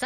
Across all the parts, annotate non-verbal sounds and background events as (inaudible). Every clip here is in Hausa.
7.5.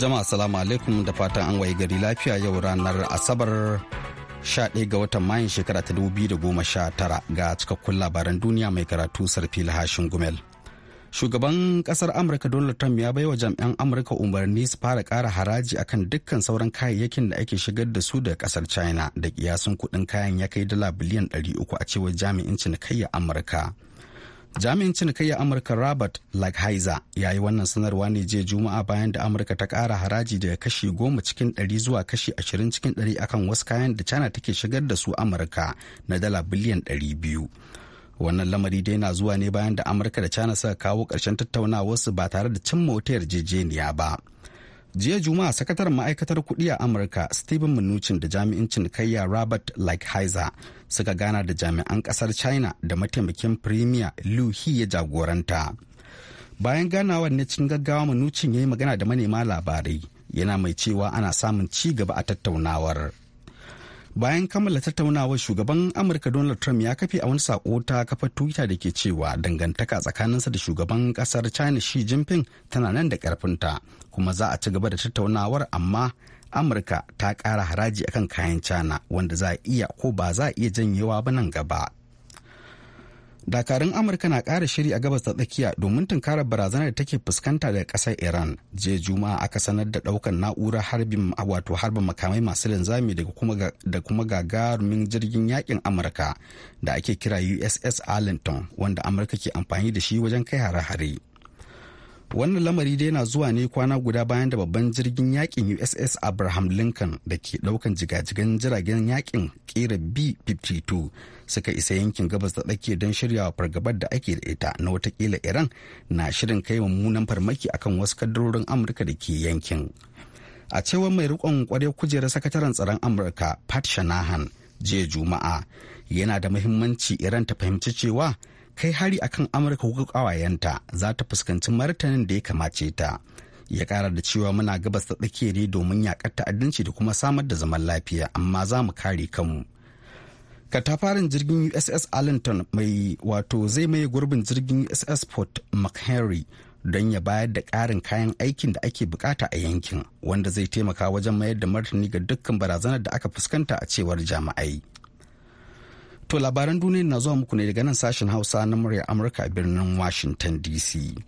jama'a salamu alaikum da fatan an waye gari lafiya yau ranar asabar 11 ga watan mayun shekara ta 2019 ga cikakkun labaran duniya mai karatu sarfi lahashin gumel shugaban kasar amurka donald trump ya bai wa jami'an amurka umarni su fara kara haraji akan dukkan sauran kayayyakin da ake shigar da su daga kasar china da kiyasun kudin kayan ya kai dala biliyan 300 a cewar jami'in cinikayya amurka jami'in cinikayya amurka robert lighthizer ya yi wannan sanarwa ne jiya juma'a bayan da amurka ta kara haraji daga kashi goma cikin ɗari zuwa kashi ashirin cikin ɗari akan wasu kayan da china take shigar da su amurka na dala biliyan ɗari biyu wannan lamari dai na zuwa ne bayan da amurka da china suka kawo ƙarshen tattaunawarsu ba tare da cimma wata yarjejeniya ba jiya juma'a sakataren ma'aikatar kuɗi a amurka stephen mnuchin da jami'in cinikayya robert lighthizer suka gana da jami'an kasar china da mataimakin premier lu he ya jagoranta bayan ganawar ne cikin gaggawa manucin ya yi magana da manema labarai yana mai cewa ana samun ci gaba a tattaunawar bayan kammala tattaunawar shugaban amurka donald trump ya kafe a wani sako ta kafar twitter da ke cewa dangantaka tsakaninsa da shugaban kasar china shi jinping tana nan da karfinta kuma za a ci gaba da tattaunawar amma amurka ta kara haraji akan kayan china wanda za a iya ko ba za a iya janyewa ba nan gaba dakarun amurka na kara shiri a gabas ta tsakiya domin tunkarar barazanar da take fuskanta daga ƙasar iran jiya juma'a aka sanar da ɗaukar na'urar harbin wato harbin makamai masu linzami da kuma gagarumin jirgin yakin amurka da ake kira uss arlington wanda amurka ke amfani da shi wajen kai hare-hare wannan lamari dai na zuwa ne kwana guda bayan da babban jirgin yakin uss abraham lincoln da ke daukan jigajigan jiragen yakin kera b-52 suka isa yankin gabas da tsakiya don wa fargabar da ake da ita na watakila iran na shirin kai mummunan farmaki akan wasu kaddarorin amurka da ke yankin a cewar mai rikon kwarai kujerar sakataren tsaron amurka pat shanahan jiya juma'a yana da muhimmanci iran ta fahimci cewa kai hari a kan amurka ko kawayenta za ta fuskanci martanin da ya kamace ta ya kara da cewa muna gabas ta tsakiya ne domin yakar ta'addanci da kuma samar da zaman lafiya amma za mu kare kanmu katafarin jirgin uss allenton mai wato zai maye gurbin jirgin uss port mchenry don ya bayar da karin kayan aikin da ake bukata a yankin wanda zai taimaka wajen mayar da martani ga dukkan barazanar da aka fuskanta a cewar jami'ai To labaran duniya na zuwa muku ne daga nan sashen Hausa na murya Amurka a birnin Washington DC.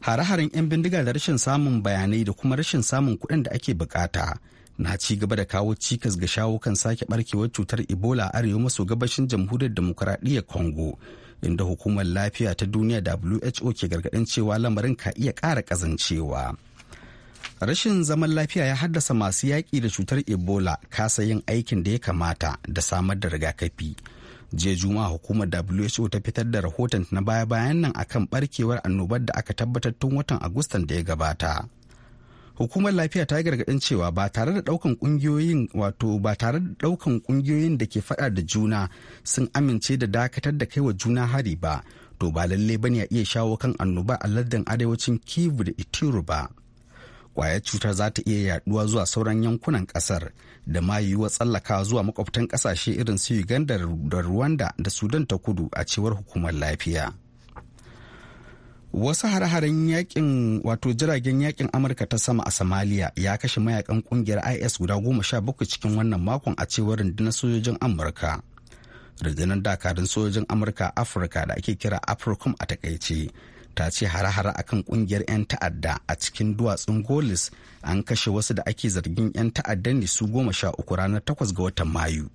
Hare-haren 'yan bindiga da rashin samun bayanai da kuma rashin samun kuɗin da ake bukata na ci gaba da kawo cikas ga shawo kan sake barkewar cutar Ebola a arewa maso gabashin jamhuriyar demokuraɗiyyar Congo. Inda hukumar lafiya ta duniya WHO ke gargaɗin cewa lamarin ka iya ƙara ƙazancewa. rashin zaman lafiya ya haddasa masu yaƙi da cutar ebola kasa yin aikin da ya kamata da samar da rigakafi jiya juma'a hukumar who ta fitar da rahoton na baya-bayan nan akan barkewar annobar da aka tabbatar tun watan agustan da ya gabata hukumar lafiya ta gargaɗin cewa ba tare da ɗaukan ƙungiyoyin wato ba tare da ɗaukan ƙungiyoyin da ke faɗa da juna sun amince da dakatar da kai wa juna hari ba to ba lalle bane a iya shawo kan annoba a lardin arewacin kivu da itiru ba kwayar cutar za ta iya yaduwa zuwa sauran yankunan kasar da ma yiwuwa tsallaka zuwa makwabtan kasashe irin su uganda da rwanda da sudan ta kudu a cewar hukumar lafiya wasu hare-haren yakin wato jiragen yakin amurka ta sama a somalia ya kashe mayakan kungiyar is guda goma sha bakwai cikin wannan makon a cewar rundunar sojojin amurka rundunar dakarun sojojin amurka afirka da ake kira africom a takaice ta ce hare-hare kan kungiyar 'yan ta'adda a cikin duwatsun golis an kashe wasu da ake zargin 'yan ta'adda ne su goma sha uku ranar takwas ga watan mayu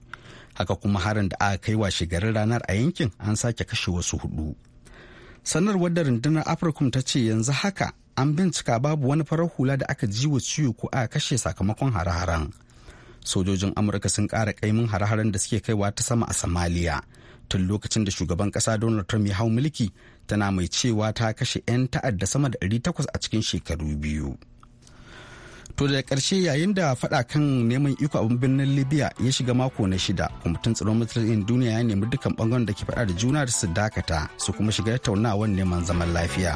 haka kuma harin da aka kai wa garin ranar a yankin an sake kashe wasu hudu sanarwar da rundunar afirkum ta ce yanzu haka an bincika babu wani farar hula da aka ji wa ciwo ko aka kashe sakamakon hare-haren sojojin amurka sun kara kaimin hare-haren da suke kaiwa ta sama a samaliya tun lokacin da shugaban kasa donald trump ya hau mulki tana mai cewa ta kashe 'yan ta'adda sama da 800 a cikin shekaru biyu to da karshe yayin da faɗa kan neman iko abin birnin libya ya shiga mako na shida kwamitin tsaron matsalolin duniya ya nemi dukkan bangaren da ke fada da juna da su dakata su kuma shiga tattaunawar neman zaman lafiya.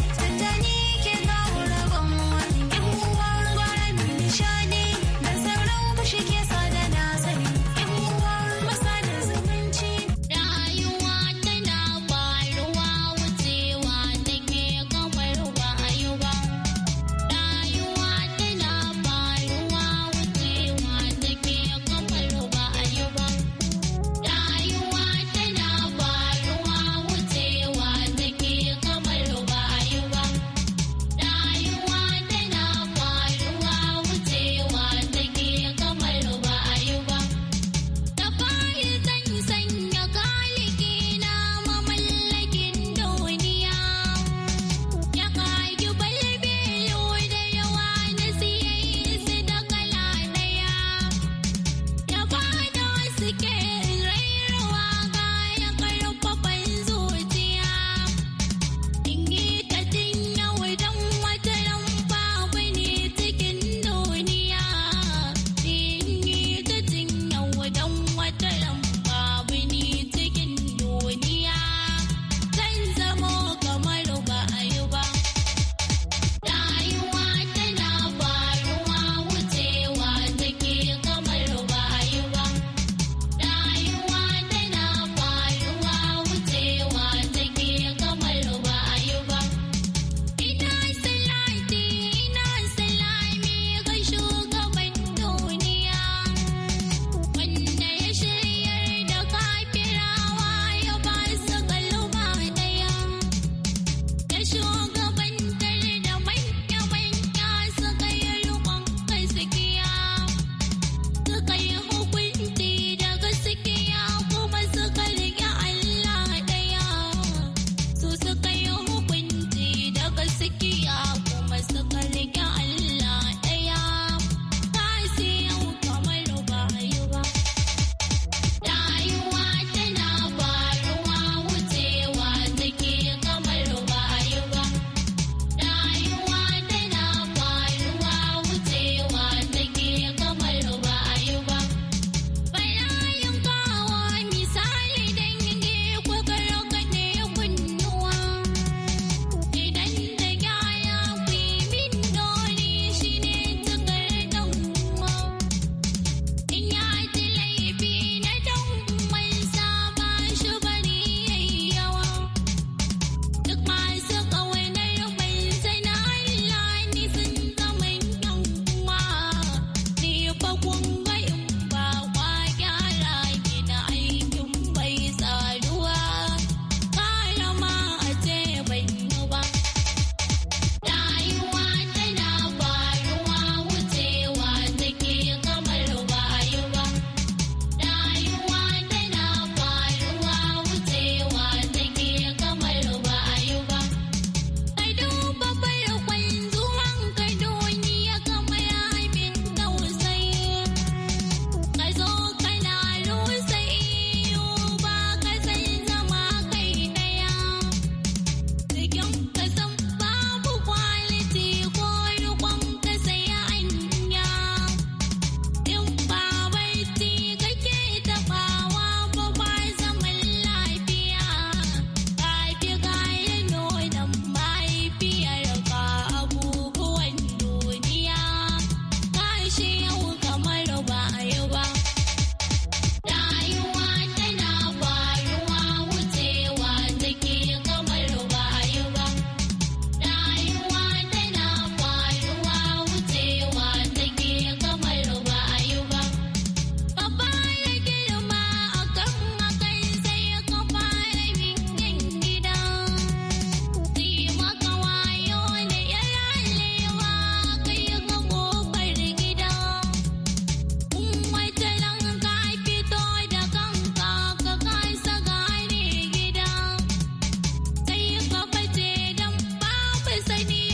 I need.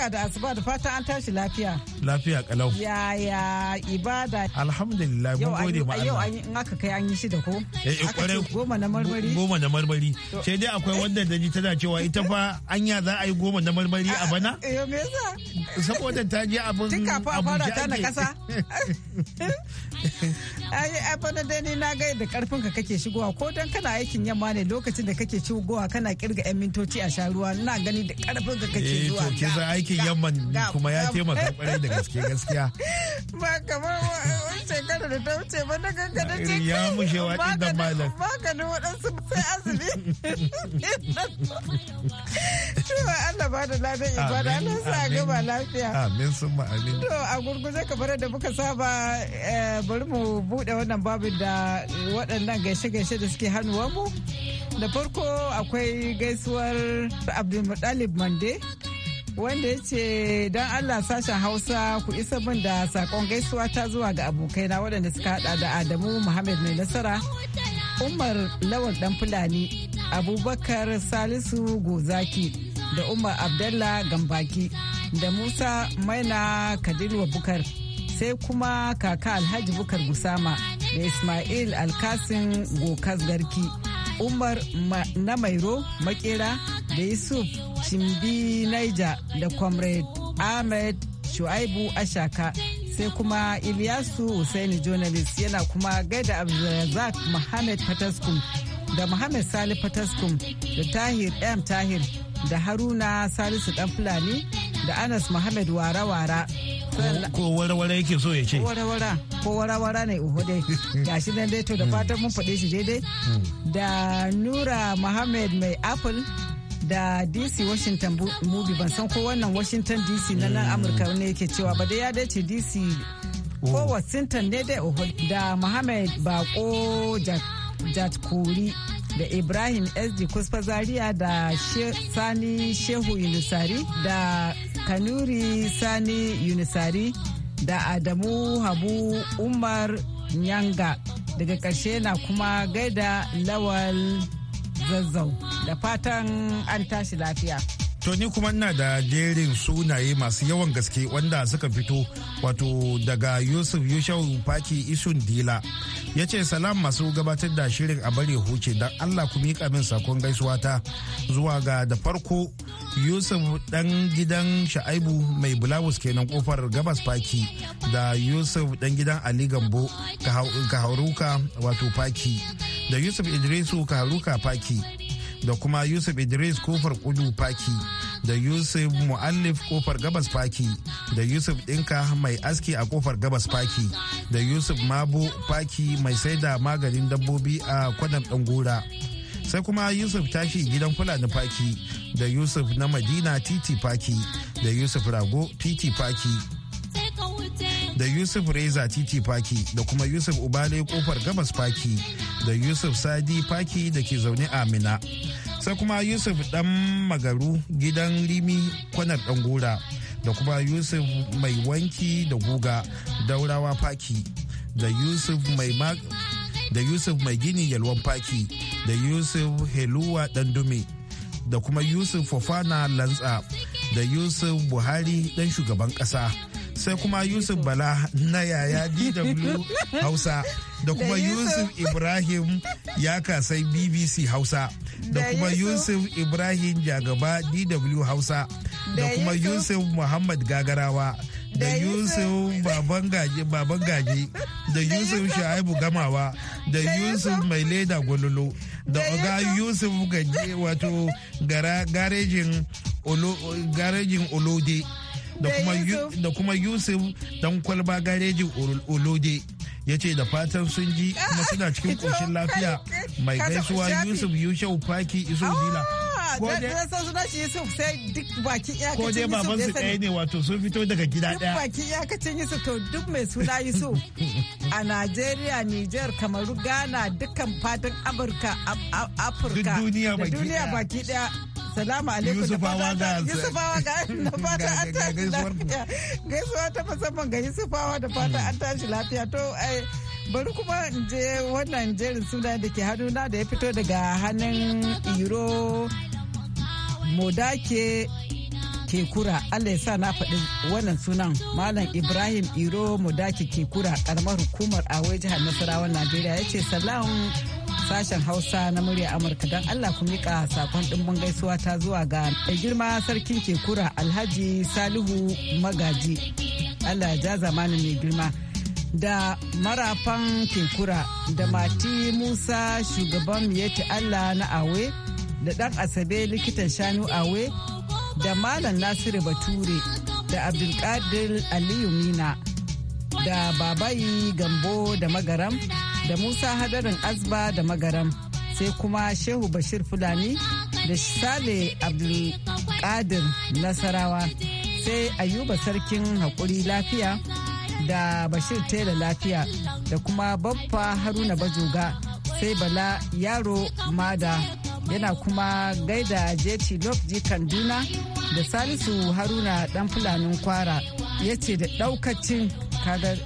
barka da asuba da fata an tashi lafiya. Lafiya kalau. Ya ya ibada. Alhamdulillah mun gode ma Allah. Yau an in aka kai an yi shi da ko? Eh eh Goma na marmari. Goma na marmari. Sai dai akwai wanda da ji tana cewa ita fa anya za a yi goma na marmari a bana? (laughs) Eh me yasa? Saboda ta je abun Tun kafin a fara ta na kasa. ai fana dai ni na ga da karfin ka kake shigowa ko dan kana aikin yamma ne lokacin da kake shigowa kana kirga yan mintoci a sha ruwa ina gani da karfin ka kake zuwa eh to ke aikin yamma kuma ya taimaka kwarai da gaske gaskiya (laughs) ba kamar wani shekara da ta wuce ba na ganka da ce ya mushe waɗin da malam maganin waɗansu sai azumi cewa Allah ba da ladan ibada Allah sa gaba lafiya amin sun amin to a gurguje kamar da muka saba eh, bari mu buɗe wannan babin da waɗannan gaishe-gaishe da suke hannuwanmu da farko akwai gaisuwar abdulmutalib mande wanda ya ce don Allah sashen Hausa ku isa min da sakon gaisuwa ta zuwa ga abokaina waɗanda suka hada da Adamu Muhammad mai nasara, Umar Lawal ɗan Fulani, Abubakar Salisu Gozaki da Umar Abdalla Gambaki da Musa Maina Kadilwa Bukar sai kuma kaka Alhaji Bukar Gusama da Ismail Alkasin Gokas Garki. Umar na Mairo Makera da Yusuf Cimbi Naija da Comrade Ahmed Shu'aibu Ashaka sai kuma Ilyasu Hussaini Journalist yana kuma gaida Abdulrazak Mohammed Fataskum da Mohammed Sali Fataskum da Tahir M Tahir da Haruna Salisu Dan Fulani da Anas Mohammed Wara-Wara ko warware yake so ya ce warwara ko wara ne uhu dai (laughs) gashi nan dai to da fatan mun faɗe shi daidai hmm. da nura muhammad mai apple da dc washington movie ban san ko wannan washington dc na nan hmm. amurka ne yake cewa ba dai ya dace dc ko oh. washington ne dai uhu da muhammad bako kuri da Ibrahim SD Kusfa Zaria da Sani Shehu Yunusari da Kanuri Sani Yunusari da Adamu Habu Umar Nyanga daga ƙarshe na kuma gaida Lawal Zazzau da fatan an tashi lafiya. To kuma ina da jerin sunaye masu yawan gaske wanda suka fito wato daga Yusuf Yushau Faki Isun Dila ya ce salam masu gabatar da shirin a bare huce don allah ku miƙa min sakon gaisuwa ta zuwa ga da farko yusuf dan gidan sha'aibu mai bulawus kenan kofar gabas faki da yusuf dan gidan ali gambo kaharuka wato faki da yusuf idrisu kaharuka faki da kuma yusuf idris kofar kudu faki da yusuf mu'allif kofar gabas faki da yusuf dinka mai aski a kofar gabas faki da yusuf mabu faki mai saida maganin dabbobi a kwanan dangura sai kuma yusuf tashi gidan fulani faki da yusuf na madina titi faki da yusuf rago titi faki da yusuf reza titi faki da kuma yusuf ubale kofar gabas faki da yusuf sadi faki da ke zaune a sai kuma yusuf dan magaru gidan rimi kwanar gora da kuma yusuf mai wanki da guga daurawa faki da yusuf mai da yusuf mai gini yalwan faki da yusuf heluwa dume da kuma yusuf fofana lantsa da yusuf buhari dan shugaban kasa sai kuma yusuf bala na yaya dw hausa da kuma yusuf ibrahim ya kasai bbc hausa da kuma yusuf ibrahim jagaba dw hausa da kuma yusuf muhammad gagarawa da yusuf baban gaji da yusuf shaibu gamawa da yusuf mai leda gwalolo da oga yusuf gaje wato garejin olode da kuma yusuf dan kwalba garejin oloje ya ce da fatan sun ji kuma suna cikin (laughs) ƙoshin lafiya mai gaisuwa yusuf yushau faki iso dila ko dai baban su ɗaya ne wato sun fito daga gida ɗaya duk baki iyakacin yusuf to duk mai suna yusuf a najeriya niger kamaru ghana dukkan fatan amurka afirka da duniya baki ɗaya Salamu alaikum Yusufawa ga awa ga na fata an tashi (laughs) lafiya. Gaisuwa ta musamman ga awa da fata an tashi lafiya to bari kuma in je wannan jerin suna da ke hannuna da ya fito daga hannun iro modake kekura allah ya sa na faɗi wannan sunan malam ibrahim iro modake kekura ƙaramar hukumar awai jihar nasarawa najeriya ya ce salam sashen Hausa na murya Amurka don Allah ku mika sakon ɗimbin gaisuwa ta zuwa ga mai girma sarkin kekura Alhaji Salihu Magaji. Allah ja zamanin mai girma. Da marafan kekura da mati Musa shugaban Yeti Allah na Awe da ɗan Asabe likitan shanu Awe da Malam Nasiru Bature da Abdulkadir Aliyu Mina da Babayi Gambo da Magaram da Musa Hadarin Azba da Magaram sai kuma Shehu Bashir Fulani da Sale Abdulkadir Nasarawa sai Ayuba Sarkin Hakuri Lafiya da Bashir Tela Lafiya da kuma Baffa Haruna Bajoga sai Bala Yaro Mada yana kuma gaida Jeti Lofji Kanduna da Salisu Haruna ɗan Fulanin Kwara ya ce da ɗaukacin kagar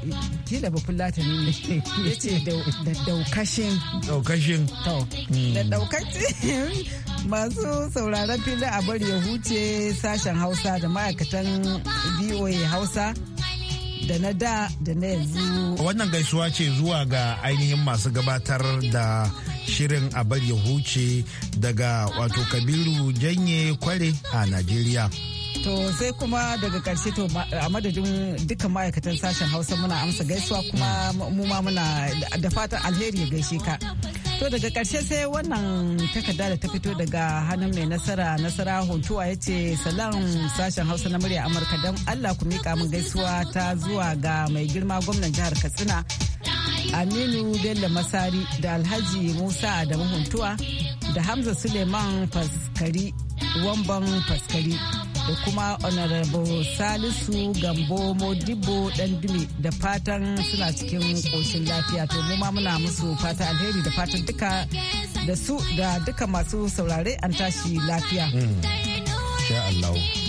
kila ba ne ya ce da daukashin daukashin hmm. da daukashin masu sauraron filin a bari ya huce sashen hausa da ma'aikatan voa hausa da na da da na yanzu wannan gaisuwa ce zuwa ga ainihin masu gabatar da shirin a bari ya huce daga wato kabiru janye kware a najeriya To sai kuma daga karshe to a madadin dukkan ma'aikatan sashen Hausa muna amsa gaisuwa kuma mu ma muna da fatan alheri ya gaishe ka. To daga karshe sai wannan takarda da ta fito daga hannun mai nasara nasara huntuwa ya ce salam sashen Hausa na murya Amurka don Allah ku miƙa min gaisuwa ta zuwa ga mai girma gwamnan jihar Katsina. Aminu Bello Masari da Alhaji Musa da Huntuwa da Hamza Suleiman Faskari Wamban Faskari da kuma honorable salisu gambo modibo dandumi da fatan suna cikin koshin lafiya to mu ma muna musu fata alheri da fatan duka da su da duka masu saurare an tashi lafiya. Hmm.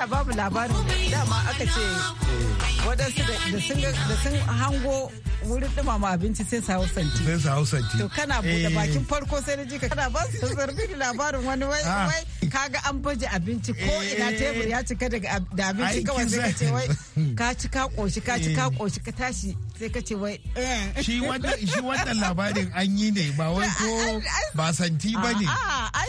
ta babu labarin dama aka ce waɗansu da sun hango wurin dumama abinci sai sa hausanti sai sa hausanti to kana buɗe eh. bakin farko sai na ka. kana ba su zarfi labarin wani wai ah. wai kaga an baje abinci ko ina eh. tebur ya cika daga da abinci kawai sai ka ce wai ka ci ka koshi ka ci ka koshi eh. ka tashi sai ka ce wai shi wannan shi wannan labarin an yi ne ba wai ko ba santi ba ne?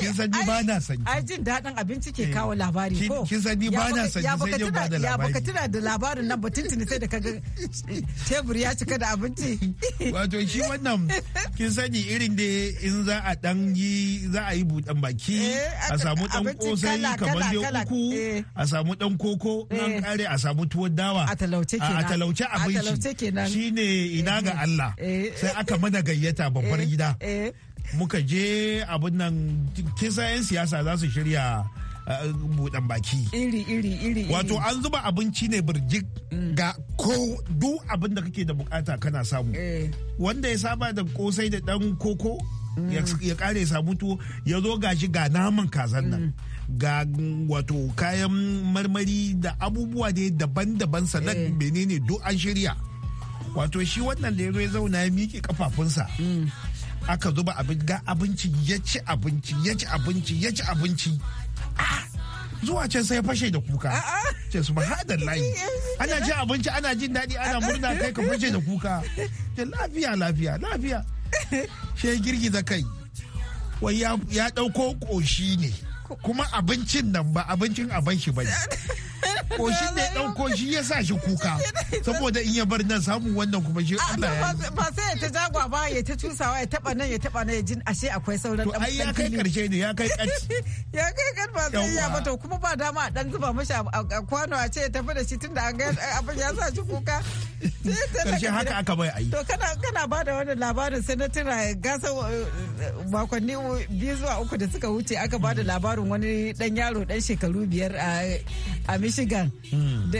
kin san ni ba na santi ai jin daɗin abinci ke kawo labari ko kin san ni ba na santi sai jin ba da labari ya baka tuna da labarin nan ba tuntuni sai da kaga (laughs) tebur ya cika da abinci. abinci wato shi wannan kin sani irin da in za a dan yi za a yi buɗan baki eh, eh. a samu dan kosai kamar da uku a samu dan koko nan kare eh. a samu tuwon dawa a talauce kenan a talauce abinci shine ina ga Allah sai aka mana gayyata babbar gida muka je abin nan kisa 'yan siyasa za su shirya budan baki iri iri iri wato an zuba abinci ne birjik mm. ga ko duk abin da kake da bukata kana samu eh. wanda ya saba da kosai da dan koko ya kare mm. samu to ya zo gashi ga naman kazan nan mm. ga wato kayan marmari da abubuwa ne daban-daban sannan eh. menene duk an shirya wato shi wannan da ya zauna ya miƙe kafafunsa aka zuba ga abinci ya ci abinci ya ci abinci ya ci abinci zuwa can sai fashe da kuka ce su ba hadar layi ana cin abinci ana jin daɗi ana murna kai ka fashe da kuka ce lafiya lafiya lafiya she girgiza kai wai ya ɗauko ƙoshi ne kuma abincin nan ba abincin abin shi ba koshin shi ne ɗauko shi ya sa shi kuka saboda in ya bar nan samun wannan kuma shi ya ba sai ya ta jagwa ba ya ta cusawa ya taba nan ya taba nan ya jin ashe akwai sauran dan ai ya kai karshe ne ya kai kaci (laughs) ya kai kan ba sai ya bata kuma ba dama a dan zuba mashi a kwano a ce ya tafi da shi tunda an ga abin ya sa shi kuka karshe haka aka bai ayi to kana kana ba da wannan labarin sanatira gasa uh, makonni biyu zuwa uku da suka wuce aka ba da labarin wani dan yaro dan shekaru biyar a michigan hmm. da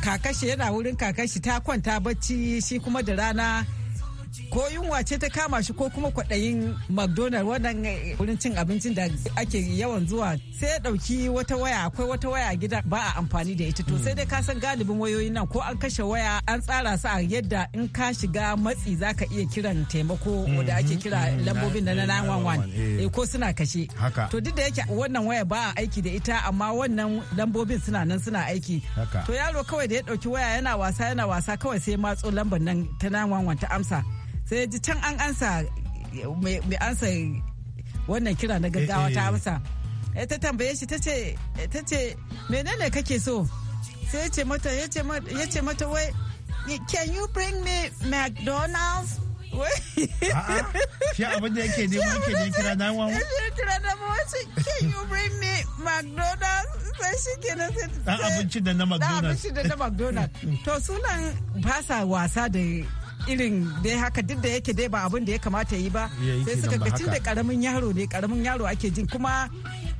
kakashi yana wurin kakashi ta kwanta bacci shi kuma da rana ko yunwa ce ta kama shi ko kuma kwaɗayin mcdonald wannan eh, wurin cin abincin da ake yawan zuwa sai ya ɗauki wata waya akwai wata waya a gida ba a amfani da ita to sai dai ka san galibin wayoyin nan ko an kashe waya an tsara su a yadda in ka shiga matsi za ka iya kiran taimako mm-hmm. da ake kira mm-hmm. lambobin na 911 mm-hmm. eh. eh, ko suna kashe to duk da yake wannan waya ba a aiki da ita amma wannan lambobin suna nan suna aiki to yaro kawai da ya ɗauki waya yana wasa yana wasa kawai sai matso lambar nan ta 911 ta amsa sai ji can an ansa mai ansa wannan kira na gaggawa ta eh, eh. amsa eh, ta tambaye shi ta ce menene kake so sai ya ce mata ya ce mata wai can you bring me mcdonald's shi abin da yake nema ke ne kira na wani. ya kira na wawo can you bring me mcdonald's sai shi ke na sai dan abinci da na mcdonald's dan abinci da na mcdonald's to sunan ba sa wasa da irin dai haka duk da yake dai ba abin da ya kamata yi ba sai suka ga tun da karamin yaro ne karamin yaro ake jin kuma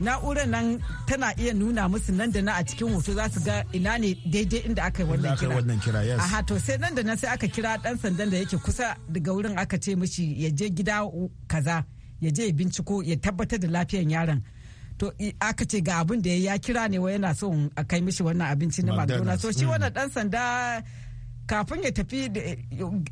na'urar nan tana iya nuna musu nan da na a cikin hoto za su ga ina ne daidai inda aka yi wannan kira aha to sai nan da nan sai aka kira dan sandan da yake kusa daga wurin aka ce mishi ya je gida kaza ya je binciko ya tabbatar da lafiyan yaron to aka ce ga abin da ya kira ne wa yana son a kai mishi wannan abinci na madonna so shi mm. wannan dan sanda kafin ya tafi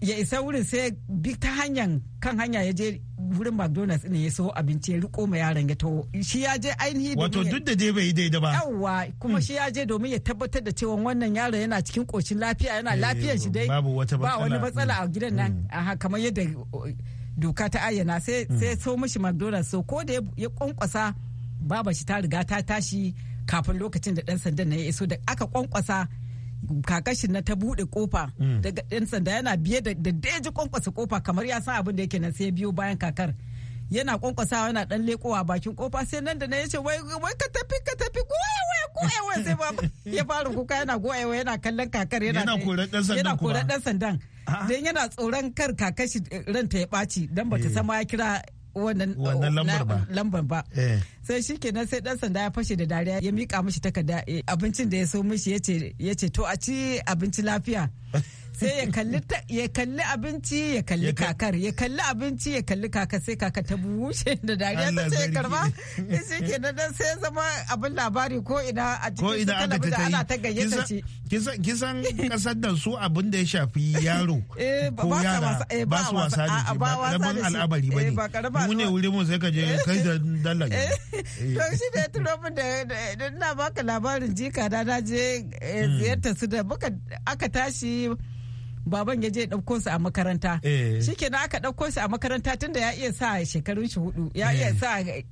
ya isa wurin sai bi ta hanyar kan hanya ya je wurin mcdonald's ne ya so abinci ya riko ma yaran ya taho shi ya je ainihi wato duk da je bai daidai ba yawwa kuma hmm. shi ya je domin ya tabbatar da cewa wannan yaro yana cikin kocin lafiya yana eh, lafiyan shi dai ba wani matsala a gidan nan hmm. kamar yadda uh, doka ta ayyana sai hmm. sai so mishi mcdonald's so ko da ya kwankwasa baba shi ta riga ta tashi kafin lokacin da dan sandan na ya iso da aka kwankwasa kakashin na ta buɗe kofa mm. daga ɗan sanda yana biye da ji kwankwasa kofa kamar ya san abin da yake na sai biyo bayan kakar yana kwankwasawa yana dan lekowa bakin kofa sai nan da na yace wai wai ka tafi ka tafi goye goyewa sai ba ya fara kuka yana goyewa yana kallon kakar yana yana koran dan sandan dan yana tsoron kar kakashi eh, ranta ya ɓaci dan bata eh. sama ya kira wannan lambar ba eh. sai shi kenan sai ɗan sanda ya fashe da dariya ya miƙa mishi takarda eh, abincin da ya so mishi ya ce to a ci abinci lafiya (laughs) sai ya kalli abinci ya kalli kakar ya kalli abinci ya kalli kakar sai kaka ta bushe da dariya ta ce karba shi ke na dan sai zama abin labari ko ina a cikin talabijin ana ta gayyata ce kisan kasar da su abin da ya shafi yaro (laughs) eh, ko yara eh, ba su wasa da shi ba rabon eh, al'abari ba ne mu ne wuri mu sai ka je kai da (laughs) dalla to shi da ya turo min da na baka labarin jika da na je hmm. ziyarta su da aka tashi baban ya je ɗauko su a makaranta eh. na aka ɗauko su a makaranta tunda ya iya sa shekarun shi hudu ya iya eh. sa eh,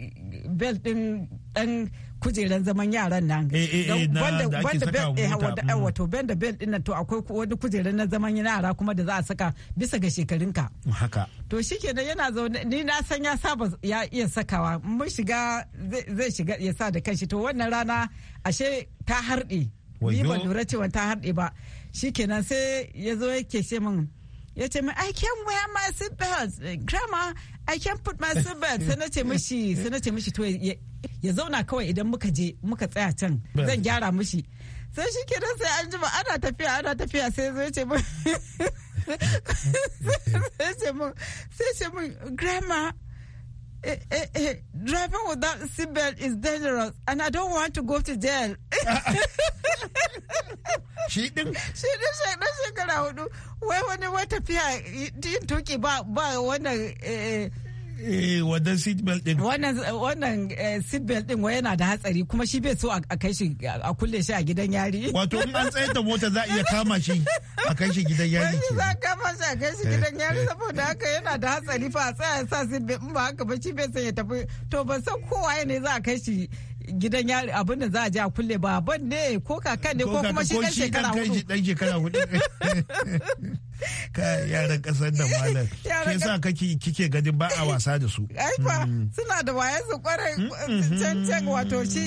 bel ɗin ɗan kujeran zaman yaran nan wanda wato benda bel ɗin nan to akwai wani kujeran na zaman yara kuma da za a saka bisa ga shekarunka haka to na yana zaune ni na san ya saba ya iya sakawa mun shiga zai shiga ya sa da kanshi to wannan rana ashe ta harɗe ni ban lura cewa ta harɗe ba shikenan sai ya zo yake ce min ya ce min I can wear my seat belt eh, grandma I can put my seat belt sai na ce (laughs) mishi sai na ce mishi to ya zauna kawai idan muka je muka tsaya can zan gyara mishi sai shi kenan sai an jima ana tafiya ana tafiya sai zo (laughs) ce min sai ce min grandma Eh, eh, eh, driving without seatbelt is dangerous and I don't want to go to jail. (laughs) Shi din? Shi din shaidan shekara hudu. Wai wani wata fiya yin tuki ba wannan wannan seatbelt din. Wannan seatbelt din wai yana da hatsari kuma shi bai so a kai shi a kulle shi a gidan yari. Wato in an tsaye da mota za a iya kama shi. (laughs) a kai shi gidan yari ke za ka masa a kai shi gidan yari eh, eh. saboda haka yana da hatsari fa a tsaya sa su in ba haka ba shi bai san ya tafi to ban san kowa ne za a kai shi gidan yari abin da za a je a kulle ba ban ne ko kakan ne ko kuma shi dan shekara hudu (laughs) ka yaran kasar da malam (laughs) ke sa kake kike ganin ba a wasa da su aifa mm. suna da waye su kwarai cancan mm, mm, wato shi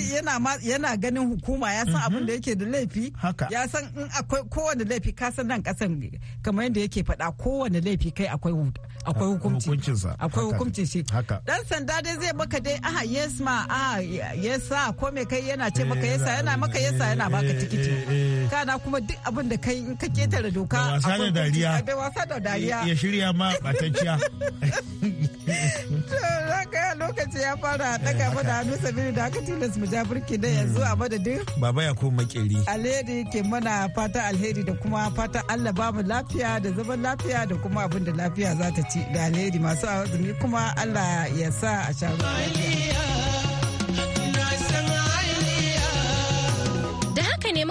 yana ganin hukuma ya san mm-hmm. abin da yake da laifi ya san in akwai kowane laifi ka san nan kasan kamar yadda yake faɗa kowane laifi kai akwai akwai hukunci akwai hukunci shi dan sanda dai zai maka dai aha yes ma aha yes ko me kai yana ce maka yasa yana maka yasa yana baka eh, tikiti eh, eh, kana kuma duk abin da kai in ka ketare doka akwai dariya da wasa da dariya ya shirya ma batacciya haka lokaci ya fara daga eh, mu da hannu sabiru da aka tilas mu birki da yanzu a madadin baba ya makeri alheri ke mana fata alheri da kuma fata Allah ba mu lafiya da zaman lafiya da kuma abin da lafiya za ta ci da alheri masu azumi kuma Allah ya sa a sha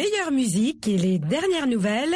meilleure musique et les dernières nouvelles